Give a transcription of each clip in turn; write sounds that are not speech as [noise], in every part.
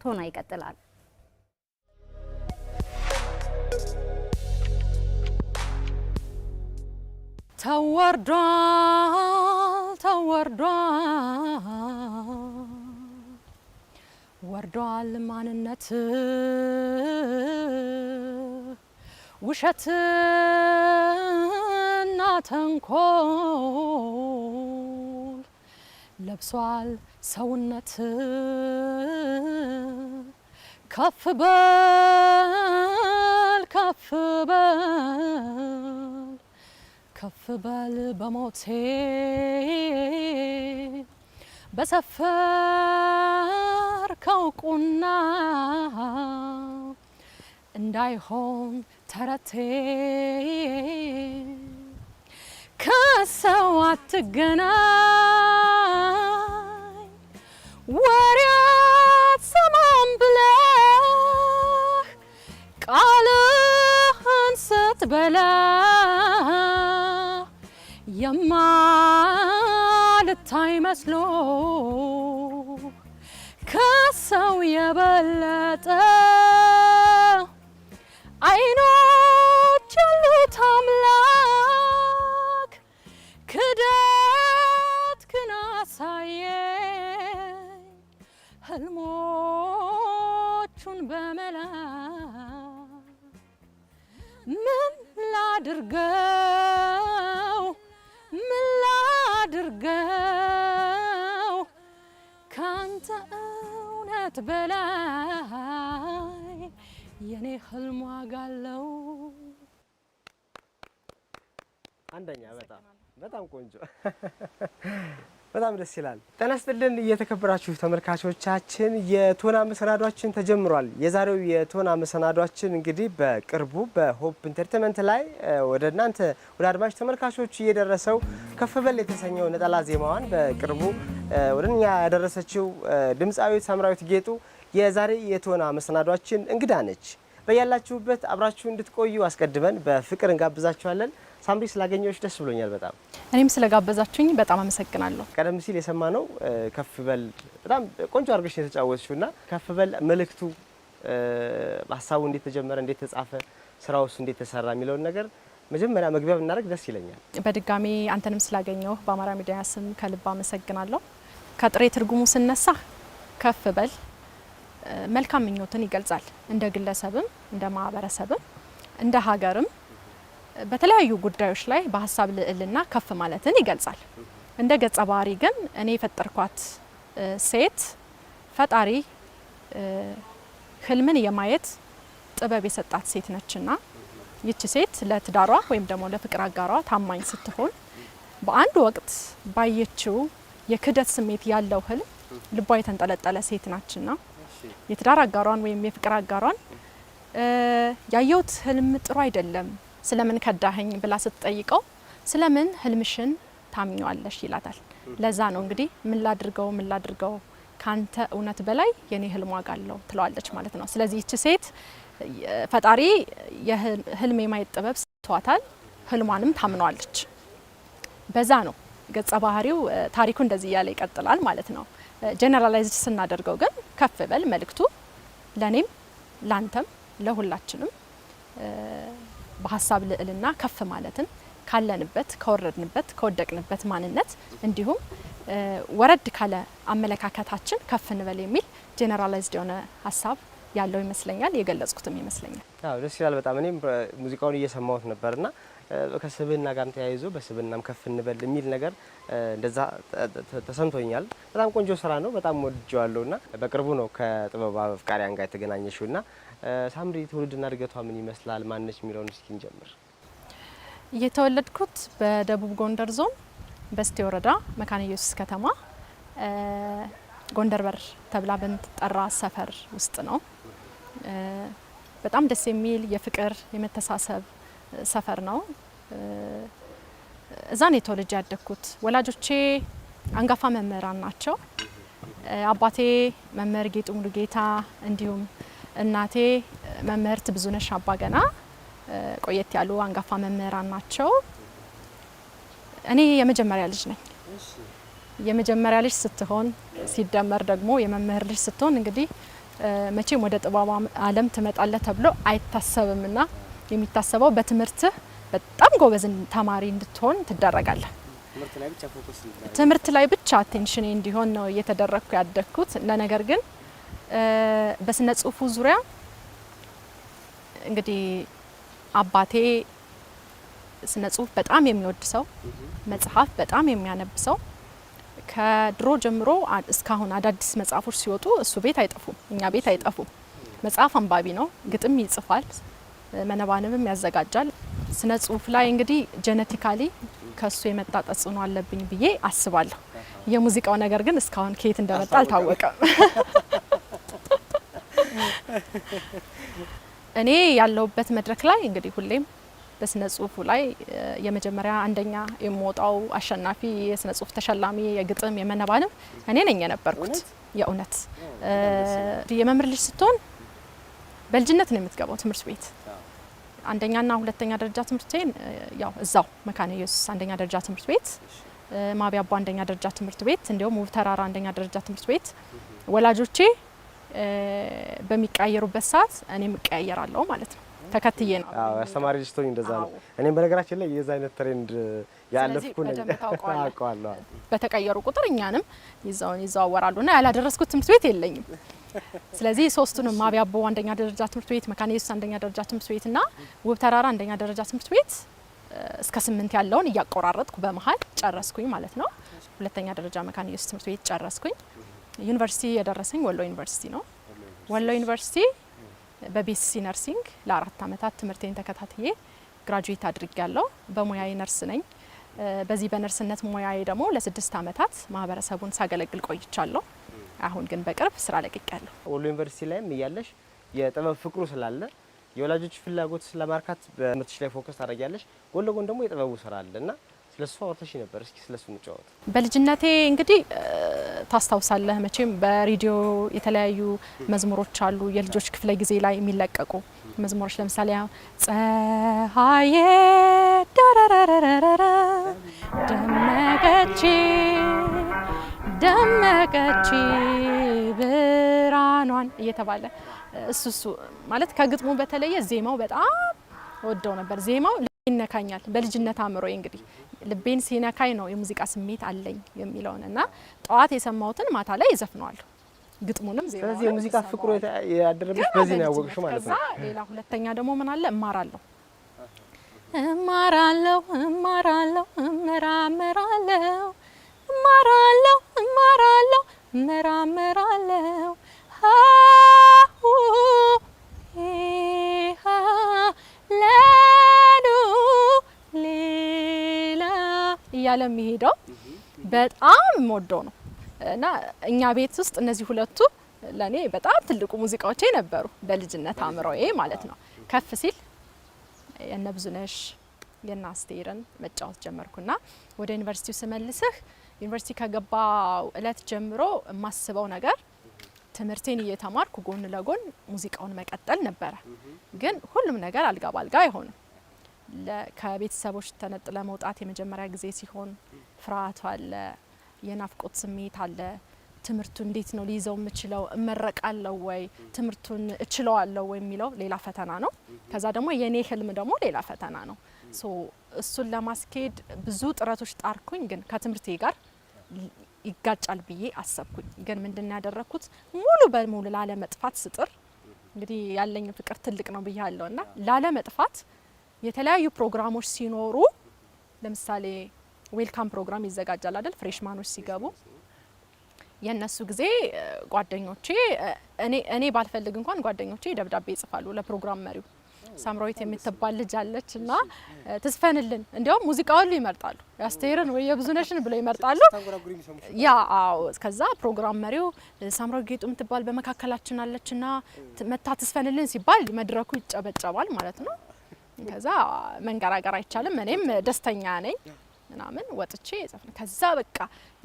ቶና ይቀጥላል። ተወርዷል ተወርዷል ወርዷል ማንነት ውሸትና ተንኮል ለብሷል ሰውነት ከፍ በል ከፍ በል ከፍ በል በሞቴ በሰፈር ከውቁና እንዳይሆን ተረቴ ከሰው አትገና ሳትበላ የማልታይ መስሎ ከሰው የበለጠ ከአንተ እውነት በላይ የኔ ህልም ዋጋ አለው። አንደኛ በጣም በጣም ቆንጆ በጣም ደስ ይላል። ጤና ይስጥልን እየተከበራችሁ ተመልካቾቻችን፣ የቶና መሰናዷችን ተጀምሯል። የዛሬው የቶና መሰናዷችን እንግዲህ በቅርቡ በሆፕ ኢንተርቴንመንት ላይ ወደ እናንተ ወደ አድማጭ ተመልካቾች እየደረሰው ከፈበል የተሰኘው ነጠላ ዜማዋን በቅርቡ ወደ እኛ ያደረሰችው ድምፃዊት ሳምራዊት ጌጡ የዛሬ የቶና መሰናዷችን እንግዳ ነች። በያላችሁበት አብራችሁ እንድትቆዩ አስቀድመን በፍቅር እንጋብዛችኋለን። ሳምሪ ስላገኘዎች ደስ ብሎኛል በጣም እኔም ስለጋበዛችሁኝ በጣም አመሰግናለሁ። ቀደም ሲል የሰማነው ከፍ በል በጣም ቆንጆ አድርገሽ የተጫወትሽው ና ከፍ በል መልእክቱ ሀሳቡ እንዴት ተጀመረ፣ እንዴት ተጻፈ፣ ስራውስ እንዴት ተሰራ የሚለውን ነገር መጀመሪያ መግቢያ ብናደርግ ደስ ይለኛል። በድጋሚ አንተንም ስላገኘው በአማራ ሚዲያ ስም ከልብ አመሰግናለሁ። ከጥሬ ትርጉሙ ስነሳ ከፍ በል መልካም ምኞትን ይገልጻል። እንደ ግለሰብም እንደ ማህበረሰብም እንደ ሀገርም በተለያዩ ጉዳዮች ላይ በሀሳብ ልዕልና ከፍ ማለትን ይገልጻል። እንደ ገጸ ባህሪ ግን እኔ የፈጠርኳት ሴት ፈጣሪ ህልምን የማየት ጥበብ የሰጣት ሴት ነችና ይቺ ሴት ለትዳሯ ወይም ደግሞ ለፍቅር አጋሯ ታማኝ ስትሆን በአንድ ወቅት ባየችው የክህደት ስሜት ያለው ህልም ልቧ የተንጠለጠለ ሴት ናችና የትዳር አጋሯን ወይም የፍቅር አጋሯን ያየሁት ህልም ጥሩ አይደለም ስለምን ከዳኸኝ ብላ ስትጠይቀው ስለምን ህልምሽን ታምኘዋለሽ ይላታል። ለዛ ነው እንግዲህ ምን ላድርገው ምን ላድርገው ካንተ እውነት በላይ የኔ ህልም ዋጋ አለው ትለዋለች ማለት ነው። ስለዚህ ይቺ ሴት ፈጣሪ የህልም የማየት ጥበብ ሰጥቷታል፣ ህልሟንም ታምነዋለች። በዛ ነው ገጸ ባህሪው ታሪኩ እንደዚህ እያለ ይቀጥላል ማለት ነው። ጀነራላይዝድ ስናደርገው ግን ከፍ በል መልእክቱ ለኔም፣ ለአንተም ለሁላችንም በሀሳብ ልዕልና ከፍ ማለትን ካለንበት ከወረድንበት ከወደቅንበት ማንነት እንዲሁም ወረድ ካለ አመለካከታችን ከፍ እንበል የሚል ጄኔራላይዝድ የሆነ ሀሳብ ያለው ይመስለኛል። የገለጽኩትም ይመስለኛል። ደስ ይላል በጣም እኔም ሙዚቃውን እየሰማሁት ነበርና ከስብና ጋር ተያይዞ በስብናም ከፍ እንበል የሚል ነገር እንደዛ ተሰምቶኛል። በጣም ቆንጆ ስራ ነው። በጣም ወድጀዋለሁ ና በቅርቡ ነው ከጥበብ አፍቃሪያን ጋር የተገናኘሽው እና ሳምሪ ትውልድና እድገቷ ምን ይመስላል? ማነች የሚለውን እስኪ እንጀምር። የተወለድኩት በደቡብ ጎንደር ዞን በስቴ ወረዳ መካነ ኢየሱስ ከተማ ጎንደር በር ተብላ በምትጠራ ሰፈር ውስጥ ነው። በጣም ደስ የሚል የፍቅር የመተሳሰብ ሰፈር ነው። እዛ ነው የተወልጄ ያደግኩት። ወላጆቼ አንጋፋ መምህራን ናቸው። አባቴ መምህር ጌጡ ጌታ፣ እንዲሁም እናቴ መምህርት ብዙነሽ አባገና ቆየት ያሉ አንጋፋ መምህራን ናቸው። እኔ የመጀመሪያ ልጅ ነኝ። የመጀመሪያ ልጅ ስትሆን ሲደመር ደግሞ የመምህር ልጅ ስትሆን እንግዲህ መቼም ወደ ጥበብ ዓለም ትመጣለህ ተብሎ አይታሰብምና የሚታሰበው በትምህርትህ በጣም ጎበዝ ተማሪ እንድትሆን ትደረጋለህ። ትምህርት ላይ ብቻ አቴንሽኔ እንዲሆን ነው እየተደረግኩ ያደግኩት። ለነገር ግን በስነ ጽሁፉ ዙሪያ እንግዲህ አባቴ ስነ ጽሁፍ በጣም የሚወድ ሰው፣ መጽሐፍ በጣም የሚያነብ ሰው ከድሮ ጀምሮ እስካሁን አዳዲስ መጽሐፎች ሲወጡ እሱ ቤት አይጠፉም፣ እኛ ቤት አይጠፉም። መጽሐፍ አንባቢ ነው፣ ግጥም ይጽፋል። መነባንብም ያዘጋጃል። ስነ ጽሁፍ ላይ እንግዲህ ጀነቲካሊ ከሱ የመጣ ተጽዕኖ አለብኝ ብዬ አስባለሁ። የሙዚቃው ነገር ግን እስካሁን ከየት እንደመጣ አልታወቀም። [laughs] እኔ ያለሁበት መድረክ ላይ እንግዲህ ሁሌም በስነ ጽሁፉ ላይ የመጀመሪያ አንደኛ የምወጣው አሸናፊ፣ የስነ ጽሁፍ ተሸላሚ፣ የግጥም የመነባንብ እኔ ነኝ የነበርኩት። የእውነት የመምህር ልጅ ስትሆን በልጅነት ነው የምትገባው ትምህርት ቤት አንደኛና ሁለተኛ ደረጃ ትምህርቴን ያው እዛው መካነ ኢየሱስ አንደኛ ደረጃ ትምህርት ቤት፣ ማቢ አቦ አንደኛ ደረጃ ትምህርት ቤት እንዲሁም ውብ ተራራ አንደኛ ደረጃ ትምህርት ቤት ወላጆቼ በሚቀያየሩበት ሰዓት እኔም እቀያየራለሁ ማለት ነው። ተከትዬ ነው አዎ አስተማሪ ልጅቶኝ እንደዛ ነው። እኔም በነገራችን ላይ የዛ አይነት ትሬንድ ያለፍኩ አውቀዋለሁ። በተቀየሩ ቁጥር እኛንም ይዛውን ይዘዋወራሉ እና ያላደረስኩት ትምህርት ቤት የለኝም። ስለዚህ ሶስቱንም አብያቦ አንደኛ ደረጃ ትምህርት ቤት፣ መካነ ኢየሱስ አንደኛ ደረጃ ትምህርት ቤት እና ውብ ተራራ አንደኛ ደረጃ ትምህርት ቤት እስከ ስምንት ያለውን እያቆራረጥኩ በመሀል ጨረስኩኝ ማለት ነው። ሁለተኛ ደረጃ መካነ ኢየሱስ ትምህርት ቤት ጨረስኩኝ። ዩኒቨርሲቲ የደረሰኝ ወሎ ዩኒቨርሲቲ ነው። ወሎ ዩኒቨርሲቲ በቢኤስሲ ነርሲንግ ለአራት ዓመታት ትምህርቴን ተከታትዬ ግራጁዌት አድርጌያለሁ። ያለው በሙያዬ ነርስ ነኝ። በዚህ በነርስነት ሙያዬ ደግሞ ለስድስት ዓመታት ማህበረሰቡን ሳገለግል ቆይቻለሁ። አሁን ግን በቅርብ ስራ ለቅቄያለሁ። ወሎ ዩኒቨርሲቲ ላይም እያለሽ የጥበብ ፍቅሩ ስላለ የወላጆች ፍላጎት ስለማርካት በምርትሽ ላይ ፎከስ ታደርጊያለሽ። ጎን ለጎን ደግሞ የጥበቡ ስራ አለ እና ስለሱ አውርተሽ ነበር። እስኪ ስለሱ እንጫወት። በልጅነቴ እንግዲህ ታስታውሳለህ መቼም በሬዲዮ የተለያዩ መዝሙሮች አሉ፣ የልጆች ክፍለ ጊዜ ላይ የሚለቀቁ መዝሙሮች። ለምሳሌ ፀሐዬ ደረረረረረ ደመቀች ደመቀች ብራኗን እየተባለ እሱ እሱ ማለት ከግጥሙ በተለየ ዜማው በጣም ወደው ነበር። ዜማው ልቤ ይነካኛል። በልጅነት አእምሮዬ እንግዲህ ልቤን ሲነካኝ ነው የሙዚቃ ስሜት አለኝ የሚለውን እና ጠዋት የሰማሁትን ማታ ላይ ይዘፍነዋለሁ ግጥሙንም ስለዚህ የሙዚቃ ፍቅሩ ያደረብሽ በዚህ ነው ያወቅሽ ማለት ነው። ከዛ ሌላ ሁለተኛ ደግሞ ምን አለ እማራለሁ እማራለሁ እማራለሁ እመራመራለሁ እማራለሁ እማራለሁ እመራመራለሁ ለዱ ሌላ እያለ የሚሄደው በጣም የምወደው ነው እና እኛ ቤት ውስጥ እነዚህ ሁለቱ ለእኔ በጣም ትልቁ ሙዚቃዎቼ ነበሩ፣ በልጅነት አእምሮዬ ማለት ነው። ከፍ ሲል የነ ብዙነሽ የነ አስቴርን መጫወት ጀመርኩና ወደ ዩኒቨርሲቲው ስመልስህ ዩኒቨርሲቲ ከገባው እለት ጀምሮ የማስበው ነገር ትምህርቴን እየተማርኩ ጎን ለጎን ሙዚቃውን መቀጠል ነበረ። ግን ሁሉም ነገር አልጋ ባልጋ አይሆንም። ከቤተሰቦች ተነጥለ መውጣት የመጀመሪያ ጊዜ ሲሆን ፍርሃቱ አለ፣ የናፍቆት ስሜት አለ። ትምህርቱ እንዴት ነው ሊይዘው የምችለው? እመረቃለሁ ወይ? ትምህርቱን እችለዋለሁ ወይ የሚለው ሌላ ፈተና ነው። ከዛ ደግሞ የእኔ ህልም ደግሞ ሌላ ፈተና ነው። እሱን ለማስኬድ ብዙ ጥረቶች ጣርኩኝ፣ ግን ከትምህርቴ ጋር ይጋጫል ብዬ አሰብኩኝ። ግን ምንድን ያደረግኩት ሙሉ በሙሉ ላለመጥፋት ስጥር እንግዲህ ያለኝ ፍቅር ትልቅ ነው ብዬ አለው እና ላለመጥፋት የተለያዩ ፕሮግራሞች ሲኖሩ ለምሳሌ ዌልካም ፕሮግራም ይዘጋጃል አይደል? ፍሬሽማኖች ሲገቡ የእነሱ ጊዜ ጓደኞቼ እኔ ባልፈልግ እንኳን ጓደኞቼ ደብዳቤ ይጽፋሉ ለፕሮግራም መሪው ሳምራዊት የምትባል ልጅ አለች እና ትስፈንልን። እንዲያውም ሙዚቃ ይመርጣሉ። የአስቴርን ወይ የብዙነሽን ብለው ይመርጣሉ። ያ አዎ። ከዛ ፕሮግራም መሪው ሳምራዊት ጌጡ የምትባል በመካከላችን አለች እና መታ ትስፈንልን ሲባል መድረኩ ይጨበጨባል ማለት ነው። ከዛ መንገራገር አይቻልም። እኔም ደስተኛ ነኝ። ምናምን ወጥቼ ዘፍነ ከዛ በቃ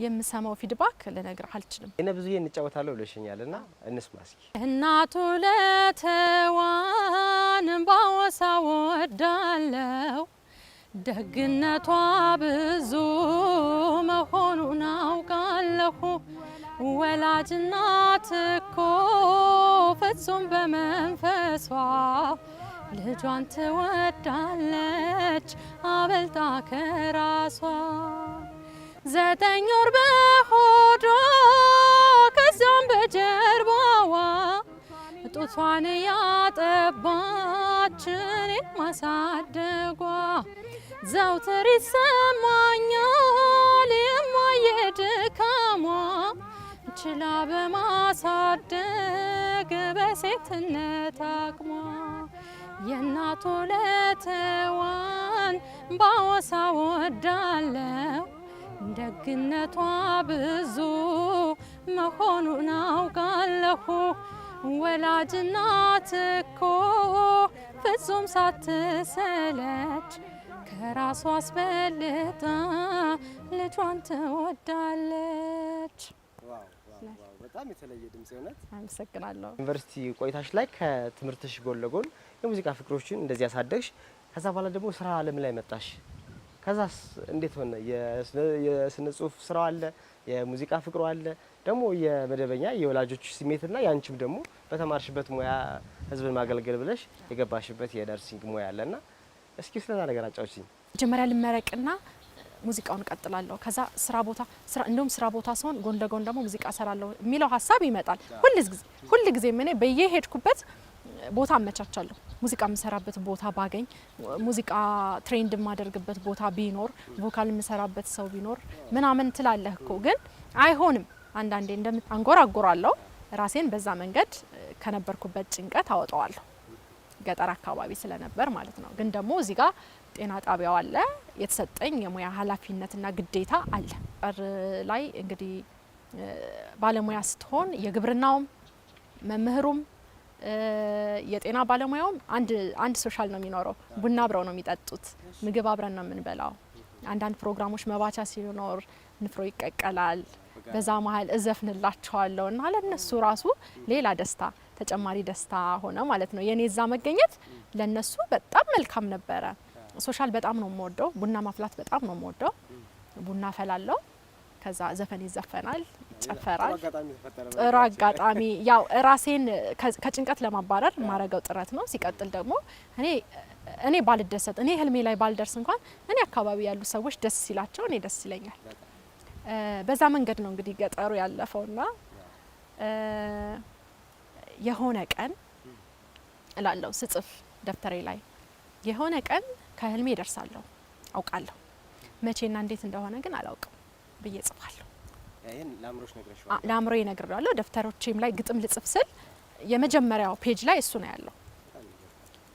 የምሰማው ፊድባክ ልነግር አልችልም። እነ ብዙዬ እንጫወታለሁ ብለሽኛል እና እንስማ እስኪ። እናቱ ለተዋን ባወሳ ወዳለው ደግነቷ ብዙ መሆኑን አውቃለሁ። ወላጅናት እኮ ፍጹም በመንፈሷ ልጇን ትወዳለች አበልጣ ከራሷ ዘጠኝ ወር በሆዷ ከዚያም በጀርባዋ ጡቷን ያጠባች እኔን ማሳደጓ ዘውትር ይሰማኛል ድካሟ ችላ በማሳደግ በሴትነት አቅሟ የእናቱ ለትዋን ባወሳ ወዳለው ደግነቷ ብዙ መሆኑን አውቃለሁ። ወላጅ እናት እኮ ፍጹም ሳትሰለች ከራሷ አስበልጣ ልጇን ትወዳለች። በጣም የተለየ ድምጽ የሆነት አመሰግናለሁ። ዩኒቨርሲቲ ቆይታሽ ላይ ከትምህርትሽ ጎን ለጎን የሙዚቃ ፍቅሮችን እንደዚህ ያሳደግሽ፣ ከዛ በኋላ ደግሞ ስራ አለም ላይ መጣሽ። ከዛስ እንዴት ሆነ? የስነ ጽሁፍ ስራው አለ፣ የሙዚቃ ፍቅሩ አለ፣ ደግሞ የመደበኛ የወላጆች ስሜትና የአንቺም ደግሞ በተማርሽበት ሙያ ህዝብን ማገልገል ብለሽ የገባሽበት የነርሲንግ ሙያ አለና እስኪ ስለዛ ነገር አጫውችኝ። መጀመሪያ ልመረቅና ሙዚቃውን ቀጥላለሁ። ከዛ ስራ ቦታ ስራ እንደውም ስራ ቦታ ሲሆን ጎን ለጎን ደግሞ ሙዚቃ ሰራለሁ የሚለው ሀሳብ ይመጣል። ሁልጊዜ ጊዜ ምን በየሄድኩበት ቦታ አመቻቻለሁ። ሙዚቃ የምሰራበት ቦታ ባገኝ፣ ሙዚቃ ትሬንድ የማደርግበት ቦታ ቢኖር፣ ቮካል የምሰራበት ሰው ቢኖር ምናምን ትላለህ እኮ ግን አይሆንም። አንዳንዴ እንደምት ራሴን በዛ መንገድ ከነበርኩበት ጭንቀት አወጣዋለሁ። ገጠር አካባቢ ስለነበር ማለት ነው። ግን ደግሞ እዚህ ጋር ጤና ጣቢያው አለ። የተሰጠኝ የሙያ ኃላፊነትና ግዴታ አለ። ጠር ላይ እንግዲህ ባለሙያ ስትሆን የግብርናውም መምህሩም የጤና ባለሙያውም አንድ አንድ ሶሻል ነው የሚኖረው። ቡና አብረው ነው የሚጠጡት፣ ምግብ አብረን ነው የምንበላው። አንዳንድ ፕሮግራሞች መባቻ ሲኖር ንፍሮ ይቀቀላል። በዛ መሀል እዘፍንላቸዋለሁ እና ለእነሱ ራሱ ሌላ ደስታ ተጨማሪ ደስታ ሆነ ማለት ነው። የኔ እዛ መገኘት ለእነሱ በጣም መልካም ነበረ። ሶሻል በጣም ነው የምወደው። ቡና ማፍላት በጣም ነው የምወደው። ቡና ፈላለው። ከዛ ዘፈን ይዘፈናል፣ ይጨፈራል። ጥሩ አጋጣሚ ያው ራሴን ከጭንቀት ለማባረር የማረገው ጥረት ነው። ሲቀጥል ደግሞ እኔ እኔ ባልደሰት እኔ ህልሜ ላይ ባልደርስ እንኳን እኔ አካባቢ ያሉ ሰዎች ደስ ሲላቸው እኔ ደስ ይለኛል። በዛ መንገድ ነው እንግዲህ ገጠሩ ያለፈውና የሆነ ቀን እላለሁ ስጽፍ ደብተሬ ላይ የሆነ ቀን ከህልሜ ይደርሳለሁ አውቃለሁ። መቼና እንዴት እንደሆነ ግን አላውቅም ብዬ ጽፋለሁ። ለአእምሮ ይነግረዋለሁ። ደብተሮቼም ላይ ግጥም ልጽፍ ስል የመጀመሪያው ፔጅ ላይ እሱ ነው ያለው።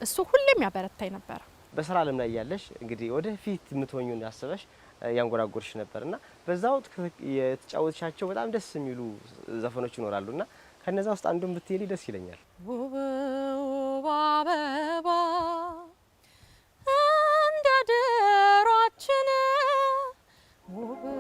እሱ ሁሌም ያበረታኝ ነበረ። በስራ አለም ላይ ያለሽ እንግዲህ ወደፊት የምትሆኙን ያስበሽ ያንጎራጎርሽ ነበር እና በዛ ወቅት የተጫወትሻቸው በጣም ደስ የሚሉ ዘፈኖች ይኖራሉ እና ከነዛ ውስጥ አንዱን ብትሄሊ ደስ ይለኛል። ውብ አበባ Oh.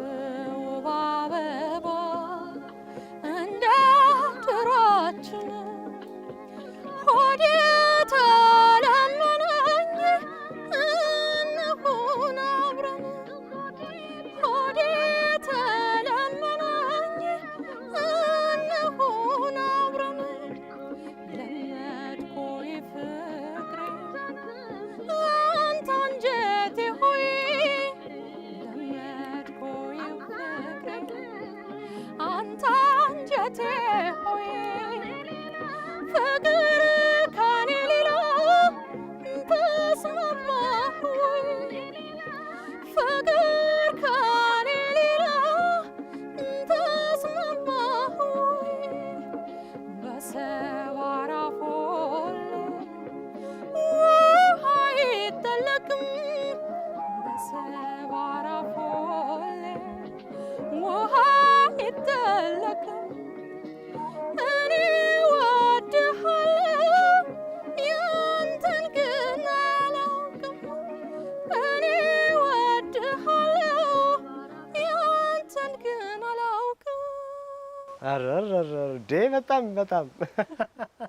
በጣም በጣም [laughs]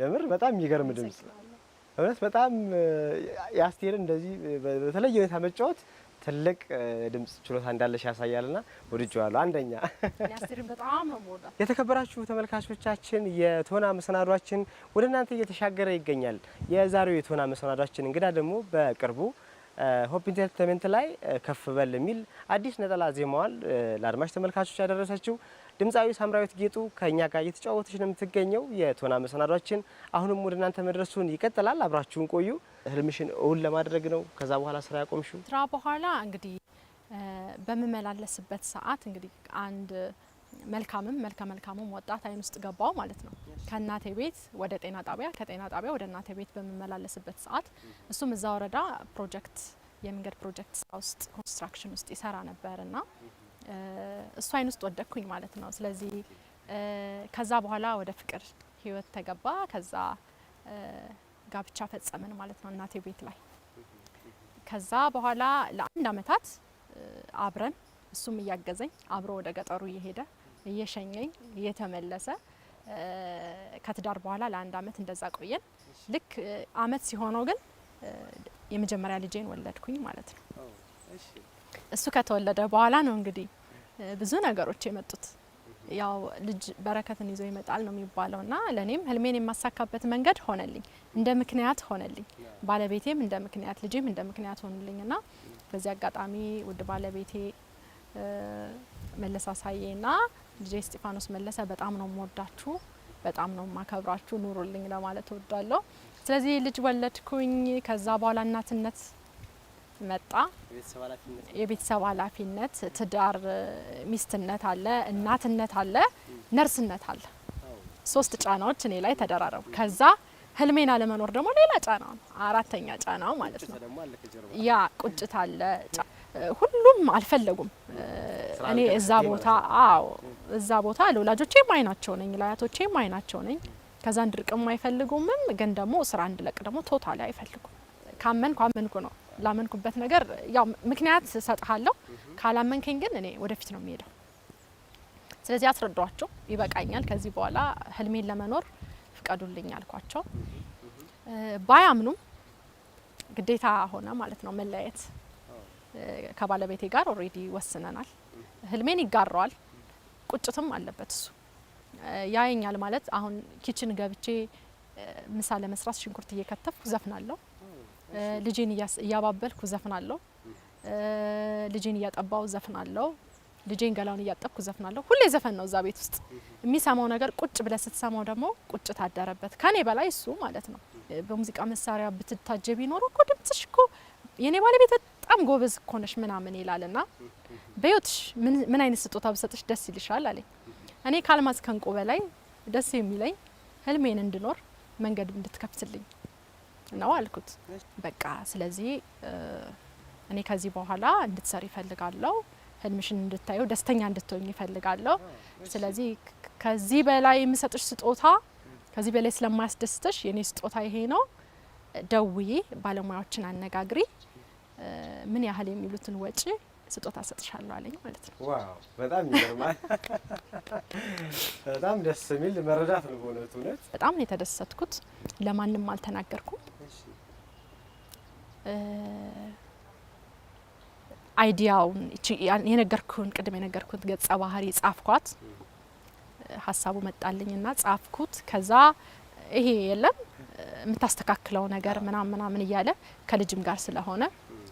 የምር በጣም የሚገርም ድምጽ እውነት በጣም የአስቴርን እንደዚህ በተለየ ሁኔታ መጫወት ትልቅ ድምጽ ችሎታ እንዳለሽ ያሳያልና ወድጄዋለሁ። አንደኛ የተከበራችሁ ተመልካቾቻችን የቶና መሰናዷችን ወደ እናንተ እየተሻገረ ይገኛል። የዛሬው የቶና መሰናዷችን እንግዳ ደግሞ በቅርቡ ሆፕ ኢንተርቴንመንት ላይ ከፍ በል የሚል አዲስ ነጠላ ዜማዋል ለአድማጭ ተመልካቾች ያደረሰችው ድምፃዊ ሳምራዊት ጌጡ ከእኛ ጋር እየተጫወተች ነው የምትገኘው። የቶና መሰናዷችን አሁንም ወደ እናንተ መድረሱን ይቀጥላል። አብራችሁን ቆዩ። ህልምሽን እውን ለማድረግ ነው ከዛ በኋላ ስራ ያቆምሽው? ስራ በኋላ እንግዲህ በምመላለስበት ሰዓት እንግዲህ አንድ መልካምም መልከ መልካምም ወጣት አይን ውስጥ ገባው ማለት ነው። ከእናቴ ቤት ወደ ጤና ጣቢያ ከጤና ጣቢያ ወደ እናቴ ቤት በምመላለስበት ሰዓት እሱም እዛ ወረዳ ፕሮጀክት የመንገድ ፕሮጀክት ስራ ውስጥ ኮንስትራክሽን ውስጥ ይሰራ ነበር እና እሱ አይን ውስጥ ወደኩኝ ማለት ነው። ስለዚህ ከዛ በኋላ ወደ ፍቅር ህይወት ተገባ። ከዛ ጋብቻ ፈጸምን ማለት ነው እናቴ ቤት ላይ። ከዛ በኋላ ለአንድ አመታት አብረን እሱም እያገዘኝ አብሮ ወደ ገጠሩ እየሄደ እየሸኘኝ እየተመለሰ ከትዳር በኋላ ለአንድ አመት እንደዛ ቆየን። ልክ አመት ሲሆነው ግን የመጀመሪያ ልጄን ወለድኩኝ ማለት ነው። እሱ ከተወለደ በኋላ ነው እንግዲህ ብዙ ነገሮች የመጡት። ያው ልጅ በረከትን ይዞ ይመጣል ነው የሚባለው ና ለእኔም ህልሜን የማሳካበት መንገድ ሆነልኝ፣ እንደ ምክንያት ሆነልኝ። ባለቤቴም እንደ ምክንያት፣ ልጅም እንደ ምክንያት ሆኑልኝ ና በዚህ አጋጣሚ ውድ ባለቤቴ መለስ አሳዬ ና ልጄ እስጢፋኖስ መለሰ በጣም ነው የምወዳችሁ፣ በጣም ነው የማከብራችሁ፣ ኑሩልኝ ለማለት እወዳለሁ። ስለዚህ ልጅ ወለድኩኝ። ከዛ በኋላ እናትነት መጣ። የቤተሰብ ኃላፊነት፣ ትዳር፣ ሚስትነት አለ፣ እናትነት አለ፣ ነርስነት አለ። ሶስት ጫናዎች እኔ ላይ ተደራረቡ። ከዛ ህልሜን አለመኖር ደግሞ ሌላ ጫና ነው፣ አራተኛ ጫናው ማለት ነው። ያ ቁጭት አለ። ሁሉም አልፈለጉም። እኔ እዛ ቦታ አዎ፣ እዛ ቦታ ለወላጆቼም አይናቸው ነኝ፣ ለአያቶቼም አይናቸው ነኝ። ከዛ እንድርቅም አይፈልጉምም፣ ግን ደግሞ ስራ እንድለቅ ደግሞ ቶታሊ አይፈልጉም። ካመንኩ አመንኩ ነው። ላመንኩበት ነገር ያው ምክንያት እሰጥሃለሁ፣ ካላመንከኝ ግን እኔ ወደፊት ነው የሚሄደው። ስለዚህ አስረዷቸው፣ ይበቃኛል፣ ከዚህ በኋላ ህልሜን ለመኖር ፍቀዱልኝ አልኳቸው። ባያምኑም ግዴታ ሆነ ማለት ነው መለያየት። ከባለቤቴ ጋር ኦሬዲ ወስነናል። ህልሜን ይጋራዋል፣ ቁጭትም አለበት እሱ ያየኛል ማለት አሁን ኪችን ገብቼ ምሳ ለመስራት ሽንኩርት እየከተፍኩ ዘፍናለሁ። ልጄን እያባበልኩ ዘፍናለሁ። ልጄን እያጠባው ዘፍናለሁ። ልጄን ገላውን እያጠብኩ ዘፍናለሁ። ሁሌ ዘፈን ነው እዛ ቤት ውስጥ የሚሰማው ነገር። ቁጭ ብለ ስትሰማው ደግሞ ቁጭ ታደረበት ከኔ በላይ እሱ ማለት ነው። በሙዚቃ መሳሪያ ብትታጀብ ይኖሩ እኮ ድምጽሽ እኮ የኔ ባለቤት በጣም ጎበዝ እኮ ነሽ ምናምን ይላል። ና በህይወትሽ ምን አይነት ስጦታ ብሰጥሽ ደስ ይልሻል አለኝ። እኔ ከአልማዝ ከእንቁ በላይ ደስ የሚለኝ ህልሜን እንድኖር መንገድ እንድትከፍትልኝ ነው አልኩት። በቃ ስለዚህ እኔ ከዚህ በኋላ እንድትሰሪ ይፈልጋለሁ፣ ህልምሽን እንድታየው፣ ደስተኛ እንድትሆኝ ይፈልጋለሁ። ስለዚህ ከዚህ በላይ የምሰጥሽ ስጦታ ከዚህ በላይ ስለማያስደስትሽ የእኔ ስጦታ ይሄ ነው። ደውዬ ባለሙያዎችን አነጋግሪ ምን ያህል የሚሉትን ወጪ ስጦታ ሰጥሻለሁ አለኝ ማለት ነው። ዋው በጣም ይገርማል። [laughs] በጣም ደስ የሚል መረዳት ነው በእውነት እውነት በጣም ነው የተደሰትኩት። ለማንም አልተናገርኩም። አይዲያውን የነገርኩን ቅድም የነገርኩት ገጸ ባህሪ ጻፍኳት። ሀሳቡ መጣልኝና ጻፍኩት። ከዛ ይሄ የለም የምታስተካክለው ነገር ምናምን ምናምን እያለ ከልጅም ጋር ስለሆነ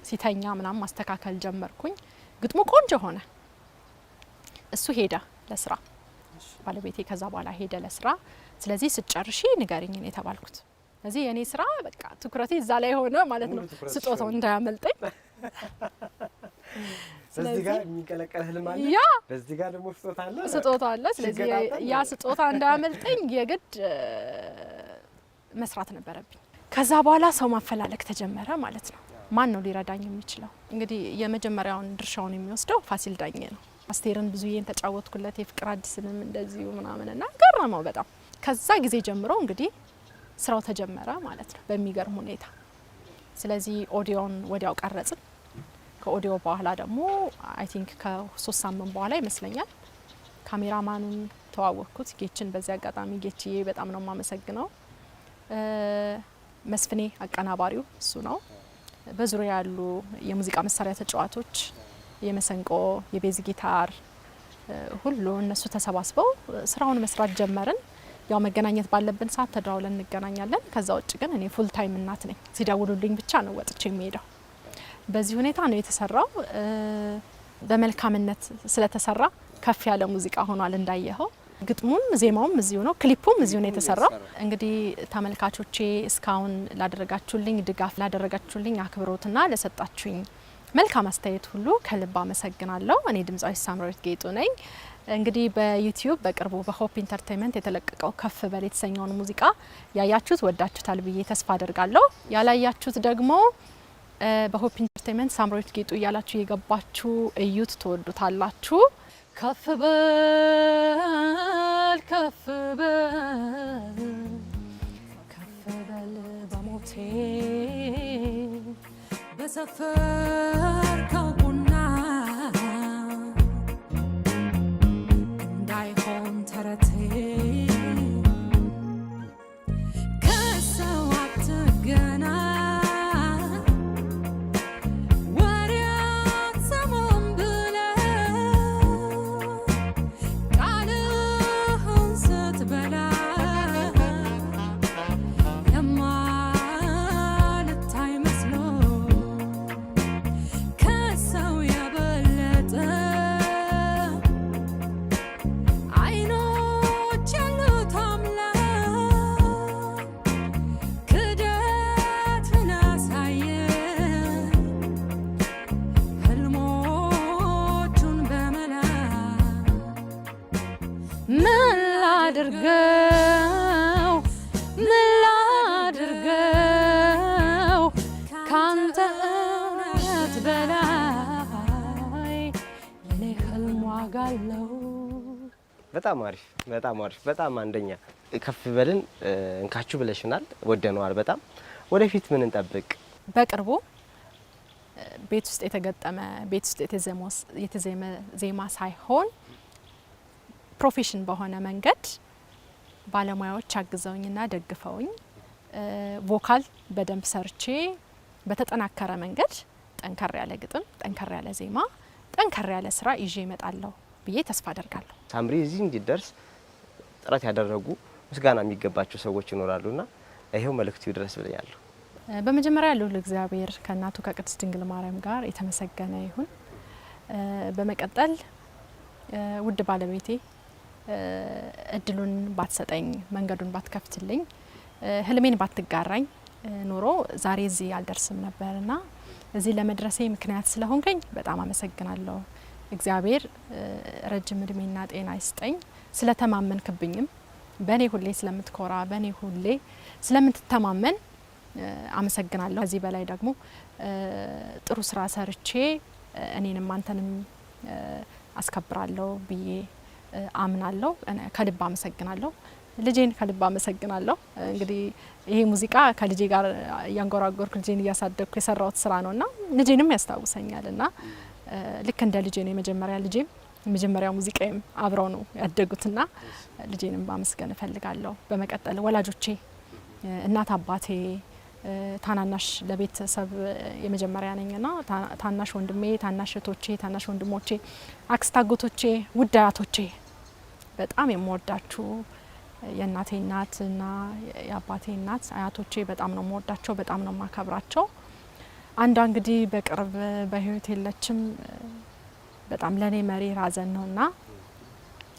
ሲተኛ ምናምን ማስተካከል ጀመርኩኝ። ግጥሙ ቆንጆ ሆነ። እሱ ሄደ ለስራ ባለቤቴ ከዛ በኋላ ሄደ ለስራ። ስለዚህ ስጨርሺ ንገሪኝ ነው የተባልኩት። ስለዚህ የእኔ ስራ በቃ ትኩረቴ እዛ ላይ ሆነ ማለት ነው። ስጦታው እንዳያመልጠኝ በዚህ ጋር የሚንቀለቀል ህልም አለ፣ በዚህ ጋር ደግሞ ስጦታ አለ ስጦታ አለ። ስለዚህ ያ ስጦታ እንዳያመልጠኝ የግድ መስራት ነበረብኝ። ከዛ በኋላ ሰው ማፈላለግ ተጀመረ ማለት ነው። ማን ነው ሊረዳኝ የሚችለው? እንግዲህ የመጀመሪያውን ድርሻውን የሚወስደው ፋሲል ዳኜ ነው። አስቴርን ብዙ ይህን ተጫወትኩለት፣ የፍቅር አዲስንም እንደዚሁ ምናምንና ገረመው በጣም። ከዛ ጊዜ ጀምሮ እንግዲህ ስራው ተጀመረ ማለት ነው በሚገርም ሁኔታ። ስለዚህ ኦዲዮን ወዲያው ቀረጽን። ከኦዲዮ በኋላ ደግሞ አይ ቲንክ ከሶስት ሳምንት በኋላ ይመስለኛል ካሜራማኑን ተዋወቅኩት፣ ጌችን። በዚህ አጋጣሚ ጌችዬ በጣም ነው የማመሰግነው። መስፍኔ አቀናባሪው እሱ ነው። በዙሪያ ያሉ የሙዚቃ መሳሪያ ተጫዋቾች የመሰንቆ፣ የቤዝ ጊታር ሁሉ እነሱ ተሰባስበው ስራውን መስራት ጀመርን። ያው መገናኘት ባለብን ሰዓት ተደዋውለን እንገናኛለን። ከዛ ውጭ ግን እኔ ፉል ታይም እናት ነኝ። ሲደውሉልኝ ብቻ ነው ወጥቼ የሚሄደው። በዚህ ሁኔታ ነው የተሰራው። በመልካምነት ስለተሰራ ከፍ ያለ ሙዚቃ ሆኗል እንዳየኸው። ግጥሙም ዜማውም እዚሁ ነው፣ ክሊፑም እዚሁ ነው የተሰራው። እንግዲህ ተመልካቾቼ እስካሁን ላደረጋችሁልኝ ድጋፍ፣ ላደረጋችሁልኝ አክብሮትና ለሰጣችሁኝ መልካም አስተያየት ሁሉ ከልብ አመሰግናለሁ። እኔ ድምፃዊ ሳምራዊት ጌጡ ነኝ። እንግዲህ በዩቲዩብ በቅርቡ በሆፕ ኢንተርቴንመንት የተለቀቀው ከፍ በል የተሰኘውን ሙዚቃ ያያችሁት ወዳችሁታል ብዬ ተስፋ አደርጋለሁ። ያላያችሁት ደግሞ በሆፕ ኢንተርቴንመንት ሳምራዊት ጌጡ እያላችሁ የገባችሁ እዩት፣ ትወዱታላችሁ። ከፍ በል ከፍ በል ከፍ በል በሞቴ በሰፈር ከቡና በጣም አሪፍ በጣም አሪፍ በጣም አንደኛ ከፍ በልን እንካችሁ ብለሽናል፣ ወደነዋል በጣም ወደፊት ምን እንጠብቅ? በቅርቡ ቤት ውስጥ የተገጠመ ቤት ውስጥ የተዜመ ዜማ ሳይሆን ፕሮፌሽን በሆነ መንገድ ባለሙያዎች አግዘውኝና ደግፈውኝ ቮካል በደንብ ሰርቼ በተጠናከረ መንገድ ጠንከር ያለ ግጥም፣ ጠንከር ያለ ዜማ፣ ጠንከር ያለ ስራ ይዤ እመጣለሁ ብዬ ተስፋ አደርጋለሁ። ታምሪ እዚህ እንዲደርስ ጥረት ያደረጉ ምስጋና የሚገባቸው ሰዎች ይኖራሉና ይሄው መልእክቱ ይድረስ ብያለሁ። በመጀመሪያ ልዑል እግዚአብሔር ከእናቱ ከቅድስት ድንግል ማርያም ጋር የተመሰገነ ይሁን። በመቀጠል ውድ ባለቤቴ እድሉን ባትሰጠኝ፣ መንገዱን ባትከፍትልኝ፣ ህልሜን ባትጋራኝ ኖሮ ዛሬ እዚህ አልደርስም ነበርና እዚህ ለመድረሴ ምክንያት ስለሆንከኝ በጣም አመሰግናለሁ። እግዚአብሔር ረጅም እድሜና ጤና ይስጠኝ። ክብኝም በእኔ ሁሌ ስለምትኮራ በእኔ ሁሌ ስለምትተማመን አመሰግናለሁ። ከዚህ በላይ ደግሞ ጥሩ ስራ ሰርቼ እኔንም አንተንም አስከብራለሁ ብዬ አምናለሁ። ከልብ አመሰግናለሁ። ልጄን ከልብ አመሰግናለሁ። እንግዲህ ይሄ ሙዚቃ ከልጄ ጋር እያንጎራጎርኩ ልጄን እያሳደግኩ የሰራሁት ስራ ነው እና ልጄንም ያስታውሰኛል እና። ልክ እንደ ልጄ ነው የመጀመሪያ ልጄም የመጀመሪያው ሙዚቃዬም አብረው ነው ያደጉትና ልጄንም ማመስገን እፈልጋለሁ። በመቀጠል ወላጆቼ፣ እናት አባቴ፣ ታናናሽ ለቤተሰብ የመጀመሪያ ነኝና ታናሽ ወንድሜ፣ ታናሽ እህቶቼ፣ ታናሽ ወንድሞቼ፣ አክስታጎቶቼ፣ ውድ አያቶቼ በጣም የምወዳችሁ የእናቴ እናትና የአባቴ እናት አያቶቼ በጣም ነው የምወዳቸው፣ በጣም ነው የማከብራቸው። አንዷ እንግዲህ በቅርብ በህይወት የለችም። በጣም ለእኔ መሪ ራዘን ነው እና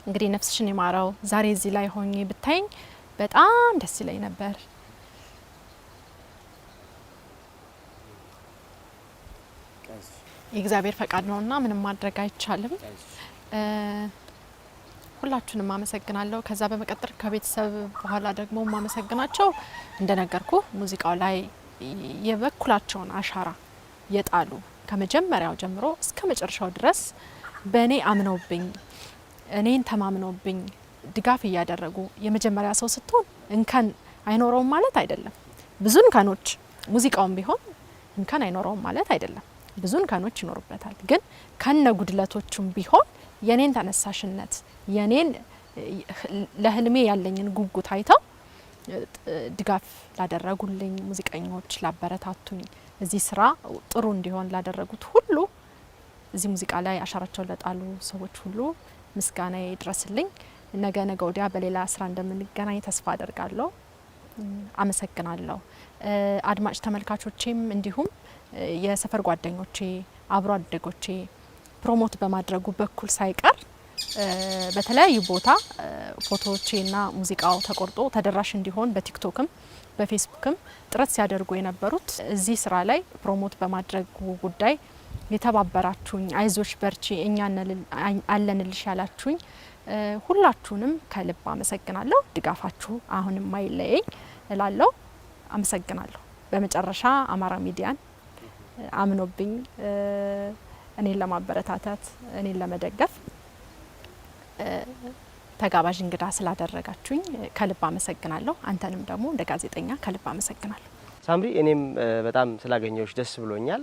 እንግዲህ ነፍስሽን የማረው ዛሬ እዚህ ላይ ሆኜ ብታይኝ በጣም ደስ ይለኝ ነበር። የእግዚአብሔር ፈቃድ ነው እና ምንም ማድረግ አይቻልም። ሁላችሁንም አመሰግናለሁ። ከዛ በመቀጠር ከቤተሰብ በኋላ ደግሞ ማመሰግናቸው እንደነገርኩ ሙዚቃው ላይ የበኩላቸውን አሻራ የጣሉ ከመጀመሪያው ጀምሮ እስከ መጨረሻው ድረስ በእኔ አምነውብኝ እኔን ተማምነውብኝ ድጋፍ እያደረጉ የመጀመሪያ ሰው ስትሆን እንከን አይኖረውም ማለት አይደለም። ብዙ እንከኖች ሙዚቃውም ቢሆን እንከን አይኖረውም ማለት አይደለም። ብዙ እንከኖች ይኖሩበታል። ግን ከነ ጉድለቶቹም ቢሆን የኔን ተነሳሽነት የኔን ለህልሜ ያለኝን ጉጉት አይተው ድጋፍ ላደረጉልኝ ሙዚቀኞች፣ ላበረታቱኝ፣ እዚህ ስራ ጥሩ እንዲሆን ላደረጉት ሁሉ እዚህ ሙዚቃ ላይ አሻራቸውን ለጣሉ ሰዎች ሁሉ ምስጋና ይድረስልኝ። ነገ ነገ ወዲያ በሌላ ስራ እንደምንገናኝ ተስፋ አደርጋለሁ። አመሰግናለሁ። አድማጭ ተመልካቾቼም እንዲሁም የሰፈር ጓደኞቼ፣ አብሮ አደጎቼ ፕሮሞት በማድረጉ በኩል ሳይቀር በተለያዩ ቦታ ፎቶዎቼና ሙዚቃው ተቆርጦ ተደራሽ እንዲሆን በቲክቶክም በፌስቡክም ጥረት ሲያደርጉ የነበሩት እዚህ ስራ ላይ ፕሮሞት በማድረጉ ጉዳይ የተባበራችሁኝ፣ አይዞች በርቺ፣ እኛ አለንልሽ ያላችሁኝ ሁላችሁንም ከልብ አመሰግናለሁ። ድጋፋችሁ አሁንም አይለየኝ እላለሁ። አመሰግናለሁ። በመጨረሻ አማራ ሚዲያን አምኖብኝ እኔን ለማበረታታት እኔን ለመደገፍ ተጋባዥ እንግዳ ስላደረጋችሁኝ ከልብ አመሰግናለሁ። አንተንም ደግሞ እንደ ጋዜጠኛ ከልብ አመሰግናለሁ። ሳምሪ እኔም በጣም ስላገኘዎች ደስ ብሎኛል።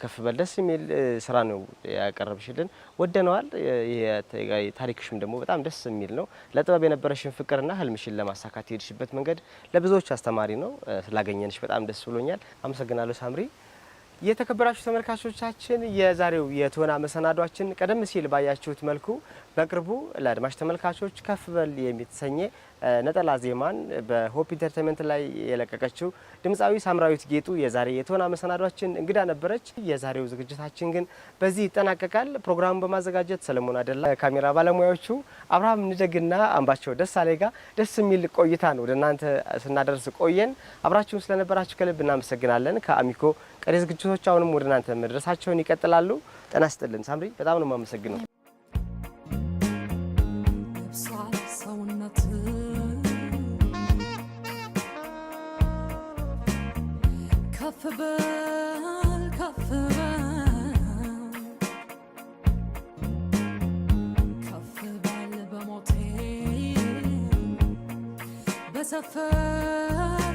ከፍ በል ደስ የሚል ስራ ነው ያቀረብሽልን፣ ወደነዋል። ታሪክሽም ደግሞ በጣም ደስ የሚል ነው። ለጥበብ የነበረሽን ፍቅርና ህልምሽን ለማሳካት የሄድሽበት መንገድ ለብዙዎች አስተማሪ ነው። ስላገኘንሽ በጣም ደስ ብሎኛል። አመሰግናለሁ ሳምሪ። የተከበራችሁ ተመልካቾቻችን የዛሬው የትወና መሰናዷችን ቀደም ሲል ባያችሁት መልኩ በቅርቡ ለአድማጭ ተመልካቾች ከፍ በል የሚተሰኘ ነጠላ ዜማን በሆፕ ኢንተርቴንመንት ላይ የለቀቀችው ድምፃዊ ሳምራዊት ጌጡ የዛሬ የትወና መሰናዷችን እንግዳ ነበረች። የዛሬው ዝግጅታችን ግን በዚህ ይጠናቀቃል። ፕሮግራሙን በማዘጋጀት ሰለሞን አደላ፣ ካሜራ ባለሙያዎቹ አብርሃም ንደግና አምባቸው ደሳሌ ጋር ደስ የሚል ቆይታን ወደ እናንተ ስናደርስ ቆየን። አብራችሁን ስለነበራችሁ ከልብ እናመሰግናለን። ከአሚኮ ቀሪ ዝግጅቶች አሁንም ወደ እናንተ መድረሳቸውን ይቀጥላሉ። ጤና ይስጥልን። ሳምሪ በጣም ነው የማመሰግነው። በል ከፍ በል ከፍ በል በሞቴ በሰፈር